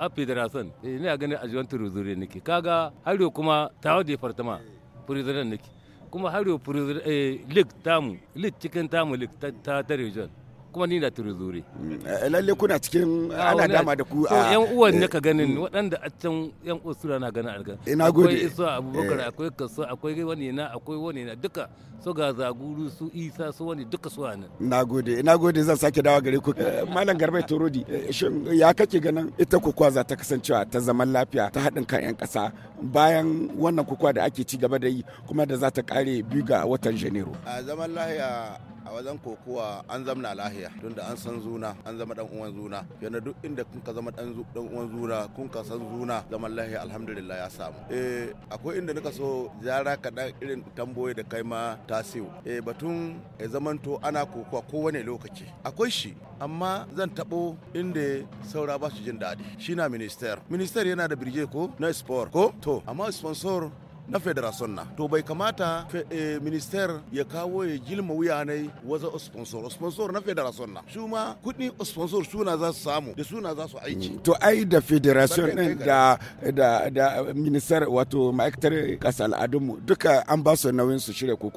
a federation ina ganin ajiyon turuzure nake kaga har kuma tawo department president nake kuma har yau eh, lig tamu lig cikin tamu lig ta ta region kuma ni da turizuri eh, lalle kuna cikin ah, ana dama da ku a ah, yan uwan ne ka eh, ganin mm. waɗanda a can yan uwan sura na ganin alga ina gode akwai isa abubakar akwai kaso akwai wani na akwai wani na duka su ga zaguru su isa su wani duka su wani. na gode na gode zan sake dawa gare ku eh, malam Garba torodi eh, shin ya kake ganin ita kukuwa za ta kasancewa ta zaman lafiya ta haɗin kan 'yan ƙasa bayan wannan kukuwa da ake ci gaba da yi kuma da za ta kare biyu ga watan janairu. a zaman lahiya a wajen kokowa an zamna lahiya tunda an san zuna an zama dan uwan zuna yana duk inda kun ka zama dan uwan zuna kun ka san zuna zaman lahiya alhamdulillah ya samu eh akwai inda nika so ziyara ka irin tamboyi da kai ma ta tasiu e eh, batun ya zamanto ana kokowa kowane lokaci akwai shi amma zan tabo inda saura ba su jin daɗi shi na minister minister yana da birge ko na sport ko to amma sponsor na federation na to bai kamata eh, minister ya kawo ya jilma wuya ne waza sponsor sponsor na federation na su ma kudi sponsor suna za su samu da suna za su aiki to ai da federation din da da da minister wato ma'aikatar kasa al'adunmu duka an ba su nauyin su shirya ko.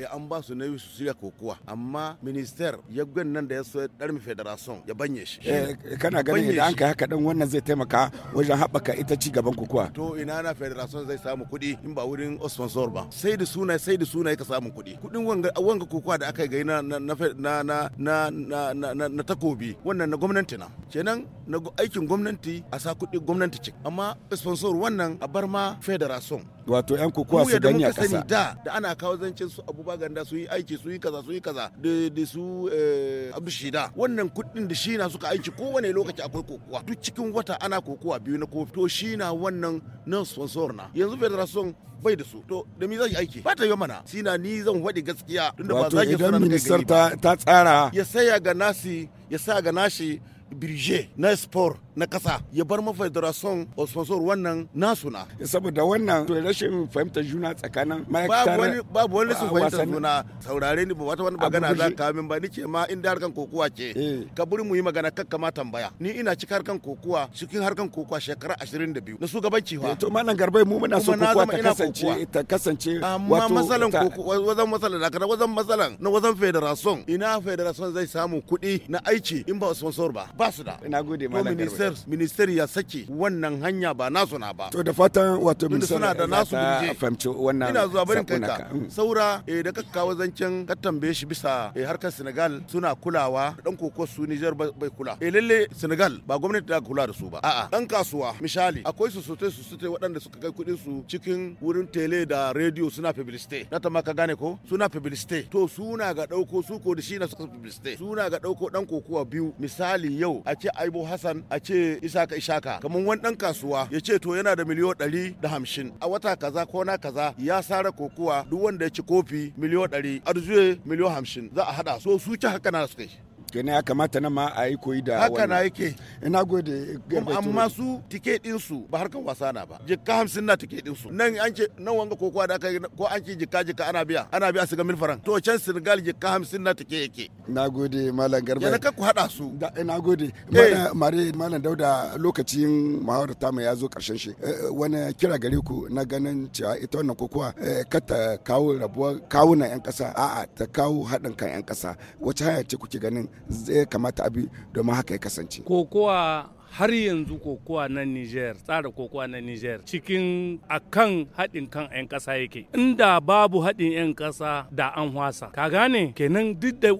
Eh, an ba su nayi su shirya kokowa amma minister ya nan da ya so dar mi federation ya banye shi eh, kana ganin idan an kai haka dan wannan zai taimaka wajen haɓaka ita ci gaban kokowa to ina na federation zai samu kuɗi in ba wurin sponsor ba sai da suna sai da suna ka samu kuɗi kuɗin wanga wanga kokowa da aka gaina na na na na na na takobi wannan na gwamnati na kenan na aikin gwamnati a sa kuɗi gwamnati cik amma sponsor wannan a bar ma federation wato yan kokowa su ganya kasa da da ana kawo zancin su abubuwa propaganda su yi aiki su yi kaza su yi kaza da su eh, abu shida wannan kuɗin da shi na suka aiki kowane lokaci akwai kokowa duk cikin wata ana kokowa biyu na kofi to shi wannan nan sponsor na yanzu federation bai da su to da mi zai aiki ba ta yi mana sina ni zan waɗi gaskiya tunda ba za ki sanar da ta tsara ya saya ga nasi ya saya ga nashi birje na sport na kasa. ya bar ma federation sponsor wannan nasu na saboda wannan to rashin fahimtar juna tsakanin ma'aikatar babu wani babu wani su fahimtar juna saurare ni ba wata wani magana za ka min ba nike ma in da harkan kokuwa ke eh. ka buri mu yi magana kakka ma tambaya ni ina cikin harkan kokuwa cikin harkan kokuwa shekara 22 na shugabanci fa eh, to malam garbai mu muna so kokuwa ta kasance ta kasance amma masalan kokuwa wazan masalan da wazan masalan na wazan federation ina federation zai samu kuɗi na aiki in ba sponsor ba ba su da ina gode malam garbai steps ministeri ya sake wannan hanya ba nasu na ba to da fatan wato ministeri suna da nasu buje fahimci wannan ina zuwa barin kai ka mm. saura eh da kakkawa zancen ka tambaye shi bisa eh, harkar Senegal suna kulawa dan koko su Niger bai kula eh lalle Senegal ba gwamnati ta kula da su ba a'a dan kasuwa misali akwai su sote su sote waɗanda suka kai kuɗin su cikin wurin tele da radio suna publicity na ta ka gane ko suna publicity to suna ga dauko su ko da shi na suka publicity suna ga dauko dan kokowa biyu misali yau a ce Aibo Hassan a ce ce isaka kamar wani dan kasuwa ya ce to yana da miliyon ɗari da hamsin a wata kaza ko na kaza ya sara kokuwa duk wanda ya ci kofi miliyo ɗari arzuye miliyo hamsin za a haɗa so su ci haka na su kai kenan ya kamata na ma a yi koyi da haka na yake ina gode amma su tike din su ba harkar wasa na ba jikka hamsin na tike din su nan an ce nan wanga ko kwa da aka ko an ce jikka jikka ana biya ana biya su ga mil faran to can senegal jikka hamsin na tike yake na gode malam garba yana ka ku hada su ina gode eh. mare malam dauda lokacin muhawar ta mai ya zo karshen shi eh, wani kira gare ku na ganin cewa ita wannan kokowa eh, kata kawo rabuwar kawunan yan kasa a'a ta kawo hadin kan yan kasa wace hanya ce kuke ganin zai kamata abi domin haka ya kasance kokowa har yanzu kokowa na Niger tsara kokowa na Niger cikin akan haɗin kan 'yan ƙasa yake inda babu haɗin 'yan ƙasa da an hwasa ka gane kenan duk da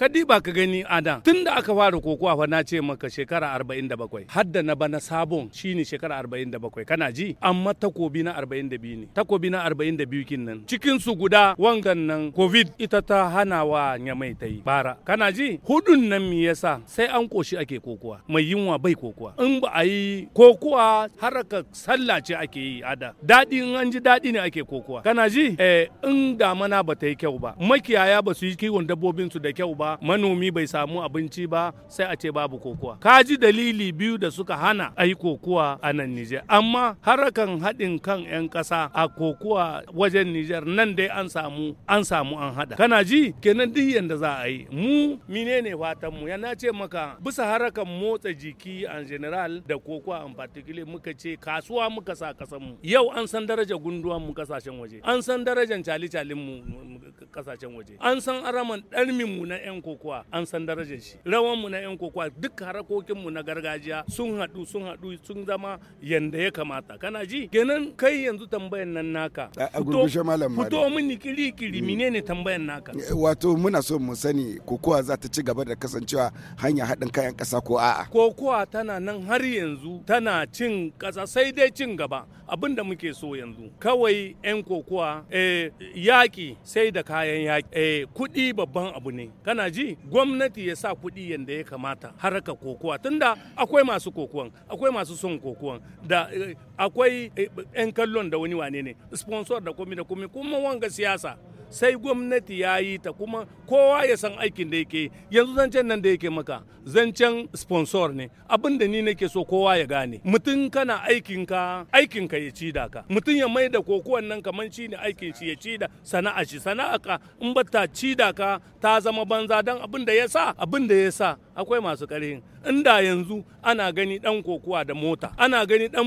ka di ba ka gani adam tun da aka fara kokowa fa na ce maka shekara 47 hadda na bana sabon shine shekara 47 kana ji amma takobi na 42 ne takobi na 42 kin nan cikin su guda wangan nan covid ita ta hana wa nyamai ta yi bara kana ji hudun nan me yasa sai an koshi ake kokowa mai yunwa bai kokuwa in ba a yi kokuwa haraka sallah ce ake yi ada daɗi in an ji daɗi ne ake kokuwa kana ji eh in damana ba ta yi kyau ba makiyaya ba su yi kiwon dabbobin su da kyau ba manomi bai samu abinci ba sai a ce babu kokuwa ka ji dalili biyu da suka hana a yi kokuwa a nan Nijar amma harakan haɗin kan 'yan kasa. a kokuwa wajen Nijar nan dai an samu an samu an haɗa kana ji kenan duk yanda za a yi mu menene fatan mu yana ce maka bisa harakan motsa jiki en general da kokowa en particular muka ce kasuwa muka sa kasan mu yau an san daraja gunduwan mu kasashen waje an san darajan cali calin mu kasashen waje an san araman ɗarmin mu na yan kokowa an san darajar shi rawan mu na yan kokowa duk harakokin mu na gargajiya sun haɗu sun haɗu sun zama yanda ya kamata kana ji kenan kai yanzu tambayan nan naka a mun malam fito mini kiri kiri mm. menene tambayan naka eh, wato muna so mu sani kokowa za ta ci gaba da kasancewa hanya haɗin kayan ƙasa ko a'a kokowa ta tana nan har yanzu tana cin kasa sai dai cin gaba abin da muke so yanzu kawai 'yan kokowa eh, yaƙi sai da kayan yaƙi eh, kuɗi babban abu ne kana ji gwamnati ya sa kuɗi yadda ya kamata haraka kokowa tunda akwai masu kokowan akwai masu son kokowan da eh, akwai 'yan kallon da wani wane ne sponsor da komi da komi kuma wanga siyasa sai gwamnati ya yi ta kuma kowa ya san aikin da yake yanzu zancen nan da yake maka zancen sponsor ne abin da ni nake so kowa ya gane mutum kana aikinka aikinka ya ci da ka mutum ya mai da kokuwan nan kamar shi ne aikin shi ya ci da sana'a shi sana'a ka in ba ta ci da ka ta zama banza dan abin da ya abin da ya sa akwai masu ƙarhin inda yanzu ana gani dan kokuwa da mota ana gani dan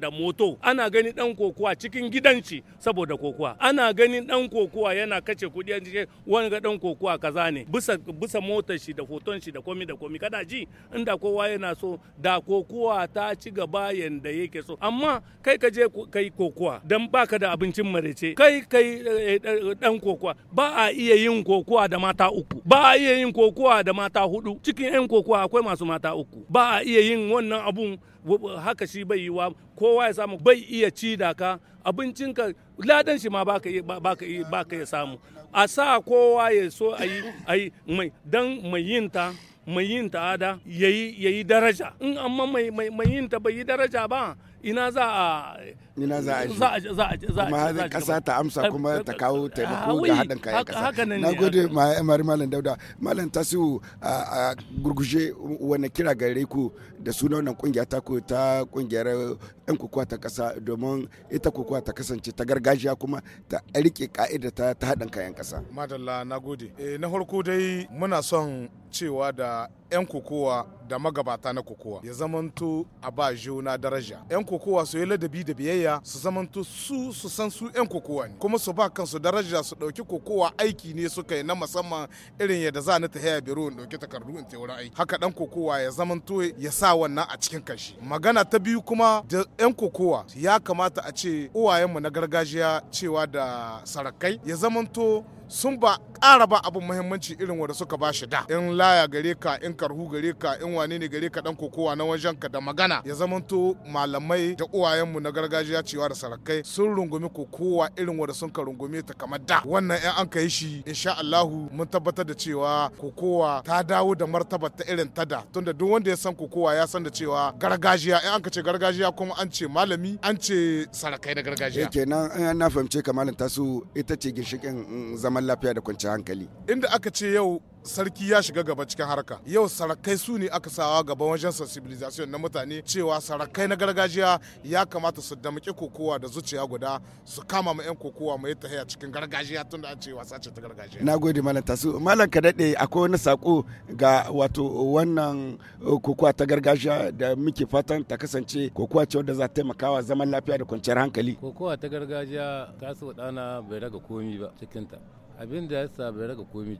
da, moto ana gani dan kokuwa cikin gidan shi saboda kokuwa ana gani dan kokuwa yana kace kuɗi an jike wani ga dan kokuwa kaza ne bisa bisa motar shi da hoton shi da komi da komi kada ji inda kowa yana so da kokuwa ta ci gaba yanda yake so amma kai ka je kai kokuwa dan baka da abincin marece kai kai dan eh, eh, kokuwa ba a iya yin kokuwa da mata uku ba a iya yin kokuwa kokowa da mata hudu cikin 'yan kokowa akwai masu mata uku ba a iya yin wannan abun haka shi bai yiwa kowa ya samu bai iya ci da ka abincinka ladan shi ma baka baka ya samu a sa kowa ya so a yi mai dan mai yin ta mai yin ta'ada yayi yayi daraja in amma mai mai yin ta bai yi daraja ba ina za a mina za a ji za a kasa ta amsa kuma ta kawo taimako da haɗin kayan kasa na gode mari malam dauda malam tasiu a gurguje wani kira gare ku da suna wannan kungiya ta ku ta kungiyar yan kokowa ta kasa domin ita kokowa ta kasance ta gargajiya kuma ta rike ka'ida ta haɗin kayan kasa madalla na gode eh, na farko dai muna son cewa da 'yan kokowa da magabata na kokowa ya zamanto a ba juna daraja 'yan kokowa su yi ladabi da biyayya duniya su zamanto su su san su 'yan kokowa ne kuma su ba kansu daraja su ɗauki kokowa aiki ne suka yi na musamman irin yadda za ni ta haya biro in ɗauki takardu in wurin aiki haka ɗan kokowa ya zamanto ya sa wannan a cikin kashi magana ta biyu kuma da 'yan kokowa ya kamata a ce uwayenmu na gargajiya cewa da sarakai ya zamanto sun ba ƙara ba abin muhimmanci irin wanda suka ba shi da in laya gare ka in karhu gare ka in wane ne gare ka dan kokowa na wajen ka da magana ya zamanto malamai da uwayenmu na gargajiya cewa da sarakai sun rungumi kokowa irin wanda sun ka rungume ta kamar da wannan in an kai shi insha Allahu mun tabbatar da cewa kokowa ta dawo da martabar ta irin ta da tunda duk wanda ya san kokowa ya san da cewa gargajiya in an ka ce gargajiya kuma an ce malami an ce sarakai na gargajiya eh, kenan na fahimce kamalin tasu ita ce ginshikin mm, zama zaman lafiya da kwanciyar hankali inda aka ce yau sarki ya shiga gaba cikin harka yau sarakai su ne aka sawa gaban wajen sensibilization na mutane cewa sarakai na gargajiya ya kamata su damuke kokowa da zuciya guda su kama ma 'yan kokowa mai haya cikin gargajiya tunda an ce wasa ce ta gargajiya na gode malam tasu malam ka dade akwai wani sako ga wato wannan uh, kokowa ta gargajiya da muke fatan ta kasance kokowa ce wadda za ta taimakawa zaman lafiya da kwanciyar hankali kokowa ta gargajiya ta so ɗana bai raga komi ba cikinta abin da ya sa bai raga komi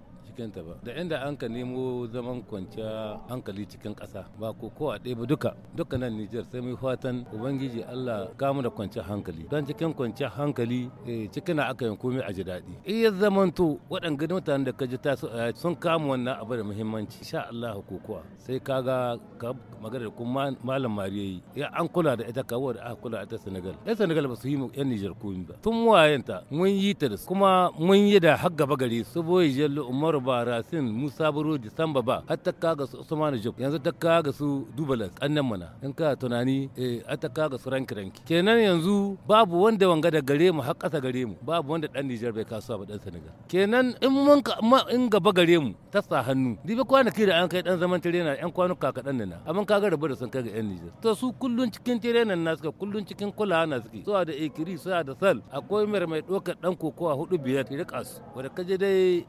ba da inda an ka nemo zaman kwanciya hankali cikin ƙasa ba ko ko a ɗaya ba duka duka nan Nijar sai mu fatan ubangiji Allah ka mu da kwanciya hankali don cikin kwanciya hankali eh, cikin na aka yin komai a ji daɗi in ya zamanto waɗanga mutanen da ka ji ta eh, sun kama wannan abu da muhimmanci insha Allah ko kuwa sai kaga ka magana da kuma malam Mariyayi ya an kula da ita kawo da aka kula da ita Senegal ɗan Senegal ba su yi yan Nijar komai ba tun wayenta mun yi ta da kuma mun yi da har gaba gari su boye jallu Umaru ba rasin musa da disamba ba har ta kaga su usman job yanzu ta kaga su dubalas annan mana in ka tunani eh har ta kaga su ranki ranki kenan yanzu babu wanda wanga da gare mu har kasa gare mu babu wanda dan Nijar bai kasuwa ba dan Senegal kenan in mun ka in gaba gare mu ta sa hannu dibe kwanaki da an kai dan zaman tirena yan kwanuka kaka dan na amma kaga rabu da sun kaga yan Nijar to su kullun cikin tirenan na suka kullun cikin kula na suke suwa da ikiri suwa da sal akwai mai mai dokar dan kokowa hudu biyar rika su wanda kaje dai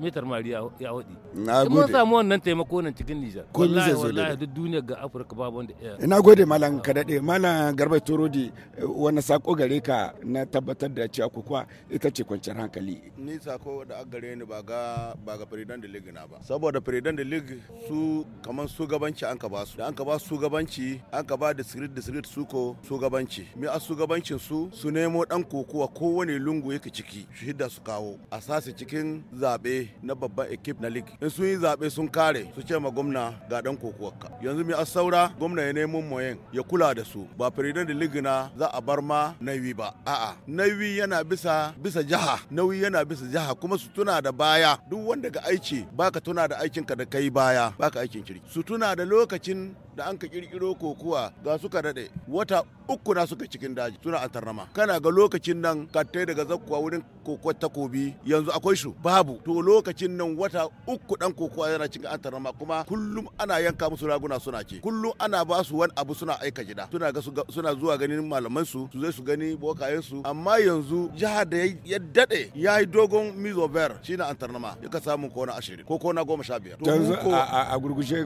mitar mari ya waɗi. Na gode. Mun samu wannan taimako nan cikin Nijar. Kun zai zo da. duk duniyar ga Afirka babu wanda. Ina gode malam Kadade, malam Garba Turodi wannan sako gare ka na tabbatar da cewa kuwa ita ce kwanciyar hankali. Ni sako da aka gare ni ba ga ba ga President da League na ba. Saboda President da League su kaman su gabanci an ka ba su. Da an ka ba su gabanci an ka ba da sirit su ko su gabanci. Me a su gabancin su su nemo dan kokowa kowane lungu yake ciki. da su kawo. A sasa cikin za zaɓe na babban ekip na ligi in sun yi zaɓe sun kare su ce ma gwamna ga ɗan kokuwarka yanzu mai asaura gwamna ya nemo moyen ya kula da su ba firidan da ligi na za a bar ma nauyi ba a'a nauyi yana bisa bisa jaha nauyi yana bisa jaha kuma su tuna da baya duk wanda ga aici baka tuna da aikinka da kai baya baka aikin kirki su tuna da lokacin da an ka kirkiro kokuwa ga suka daɗe wata uku na suka cikin daji suna tarnama kana ga lokacin nan kattai daga zakkuwa wurin kokuwar takobi yanzu akwai su babu to lokacin nan wata uku dan kokowa yana cin an tarama kuma kullum ana yanka musu raguna suna ce kullum ana ba su wani abu suna aika gida suna ga suna zuwa ganin malaman su su zai su gani bokayen su amma yanzu jihar da ya dade ya yi dogon mizover shine an tarama yaka samu na ashirin ko na goma sha biyar a gurguje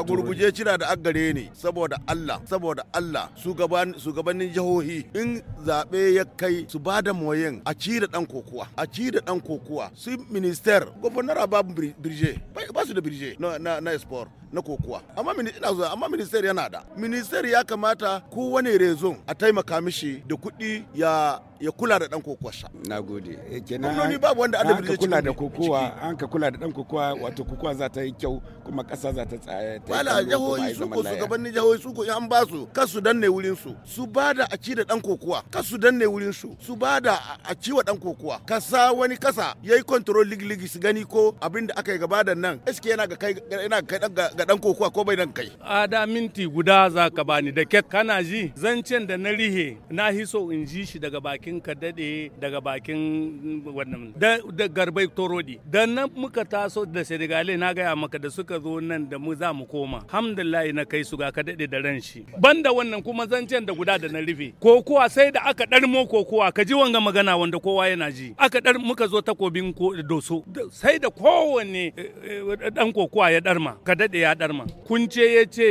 a gurguje cira da agare ne saboda Allah saboda Allah shugabannin jihohi in zaɓe ya kai su bada moyen a cire dan kokowa a cire dan kokowa sun su ministère gouverneur ba birje ba su da birje na, na, sport na kokuwa amma ina zuwa amma ministère yana da minister ya kamata wani raison a taimaka mishi da kuɗi ya ya kula da dan kokowarsa na gode eh, kenan babu wanda annabi zai kula da kokowa an ka kula da dan kokowa wato kokowa za ta yi kyau kuma kasa za ta tsaya ta wala jahohi su ko shugabannin jahohi su ko an ba su kar su danne wurin su su bada a ci da dan kokowa kar su danne wurin su su bada a ci wa dan kokowa kasa wani kasa yayi control lig lig su gani ko abinda aka yi gaba da nan eske yana ga kai yana kai ga dan kokowa ko bai dan kai a da minti guda za ka bani da ket kana ji zancen da na rihe na hiso in ji shi daga bakin in ka dade daga bakin wannan da, da garbai torodi da nan muka taso da senegalai na gaya maka da suka zo nan da mu za mu koma alhamdulillah na kai su ga ka dade da ran shi banda wannan kuma zancen da guda da na rufe kokuwa sai da aka darmo kokuwa ka ji wanga magana wanda kowa yana ji aka dar muka zo takobin doso sai da kowanne dan eh, kokowa ya darma ka dade ya darma kunce ya ce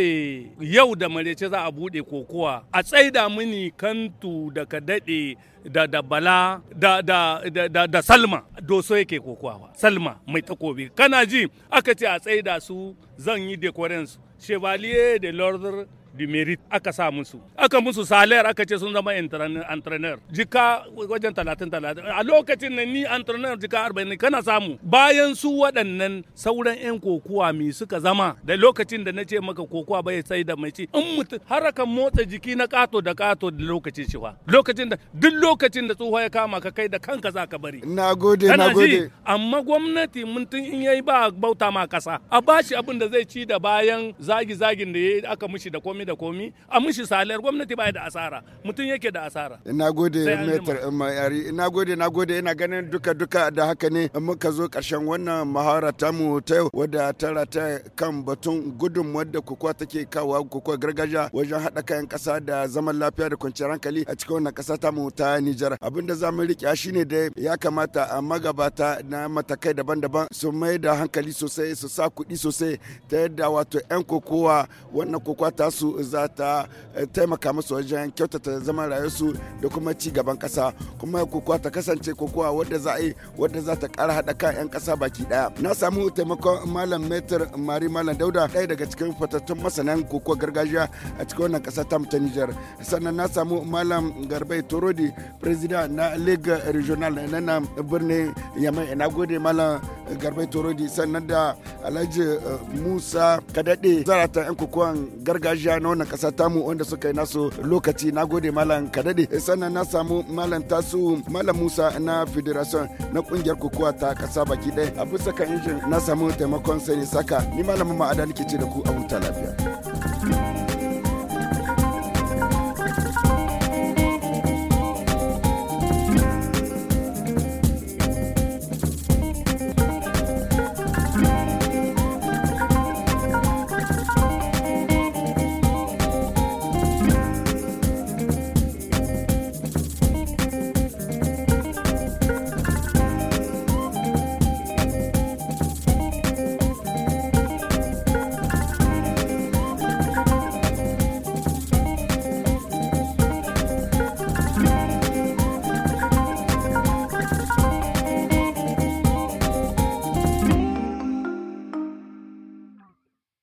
yau da marece za a bude kokowa a tsaida mini kantu da ka dade da da bala da da da, da, salma doso yake kokowa salma mai takobi kana ji aka ce a da su zan yi dekorensu chevalier de l'ordre du merit aka sa musu aka musu salayar aka ce sun zama entrepreneur jika wajen talatin talatin a lokacin na ni entrepreneur jika arba'in kana samu bayan su waɗannan sauran 'yan kokuwa mi suka zama da lokacin da na ce maka kokuwa bai sai da mai ci in mutum harakan motsa jiki na kato da kato da lokacin shi fa lokacin da duk lokacin da tsoho ya kama ka kai da kanka za ka bari na gode na gode amma gwamnati mutum in yayi ba bauta ma kasa a bashi abin da zai ci da bayan zagi zagin da aka mishi da komai komi da komi a mushi salar gwamnati ba da asara mutum yake da asara ina gode metar yari eh, ina gode ina gode ina ganin duka duka da haka ne muka zo karshen wannan ta mu ta yau wadda ta kan batun gudun wadda kokowa take kawa kokowa gargajiya wajen hada kayan kasa da zaman lafiya da kwanciyar hankali a cikin wannan kasa mu ta Nijar abinda zamu rike shine da ya kamata a magabata na matakai daban-daban su mai da hankali sosai su sa kuɗi sosai ta yadda wato 'yan kokowa wannan kokowa tasu zata za ta eh, taimaka musu wajen kyautata zaman rayuwarsu da kuma ci gaban kasa kuma kokowa ta kasance kokowa wadda za a wadda za ta kara haɗa kan 'yan kasa baki daya na samu taimakon malam metar mari malam dauda ɗaya daga cikin fatattun masanan kokowa gargajiya a cikin wannan kasa ta ta nijar sannan na samu malam garbai torodi president na league regional na nan birnin yamai na gode malam garbai torodi sannan da alhaji eh, musa kadade zarata 'yan kokowan gargajiya na wannan kasa tamu wanda suka yi nasu lokaci na gode malam kadade sannan na samu malam tasu malam musa na federation na kungiyar kokowa ta kasa baki ɗaya a bisa kan injin na samu taimakon sai saka ni malamin ma'ada nake ce da ku a thank lafiya.